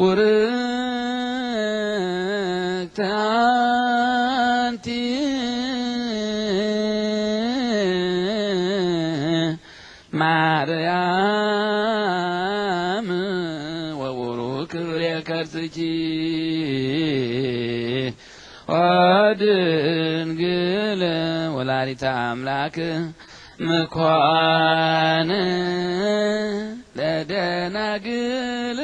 ቡርክት አንቲ ማርያም ወቡሩክ ክብሬከ እርሥኪ ወድንግል ወላዲተ አምላክ ምኳን ለደናግል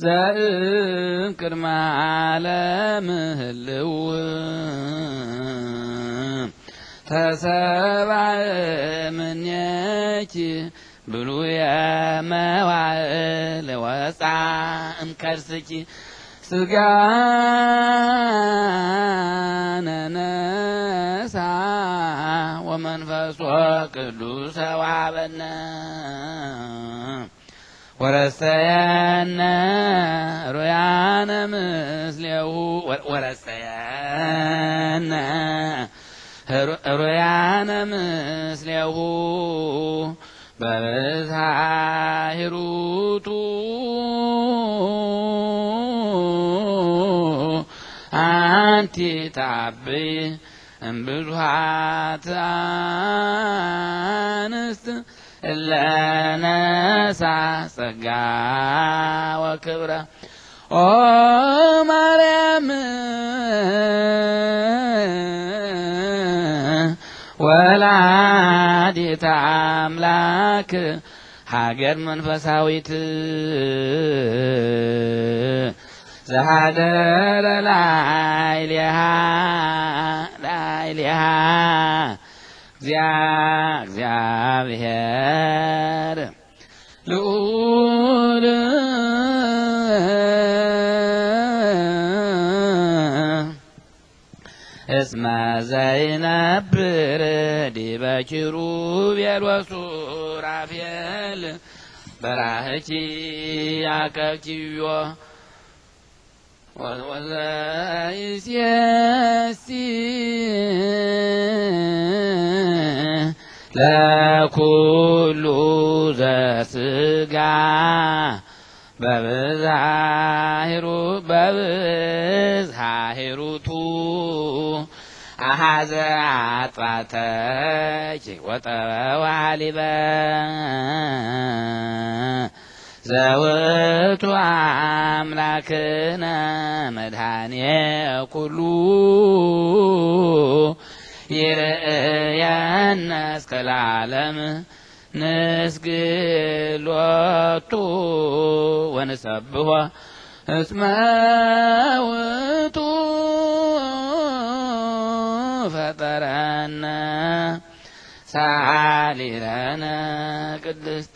ዘእንቅድመ ዓለም ህልው ተሰባእ ምኔኪ ብሉየ መዋዕል ወፃእ እምከርስኪ ስጋነ ነሳ ወመንፈሶ ቅዱስ ተዋሃበነ ورسيانا ريانا مثله ورسيانا ريعانا مثله بزهاه روتو أنت تعبي بزهات أنست ለነሳ ጸጋ ወክብረ ኦ ማርያም ወላዲተ አምላክ ሀገር መንፈሳዊት ዘሃደረ ላይሌሃ ላይሌሃ እግዚአብሔር ልዑል እስመ ዘይነብር ዲበ ኪሩቤል ወሱራፌል በራህቺ አከብኪዮ ወዘይሴሲ ለኩሉ ዘስጋ በብዛሂሩ በብዛሂሩቱ አሃዘ አጥባተኪ ወጠዋሊበ ዘውቱ አምላክነ መድኃኔ ኩሉ ይርያናስ ከላለም ንስግሎቱ ወንሰብሖ እስመ ውእቱ ፈጠረነ ሳሊረነ ቅድስት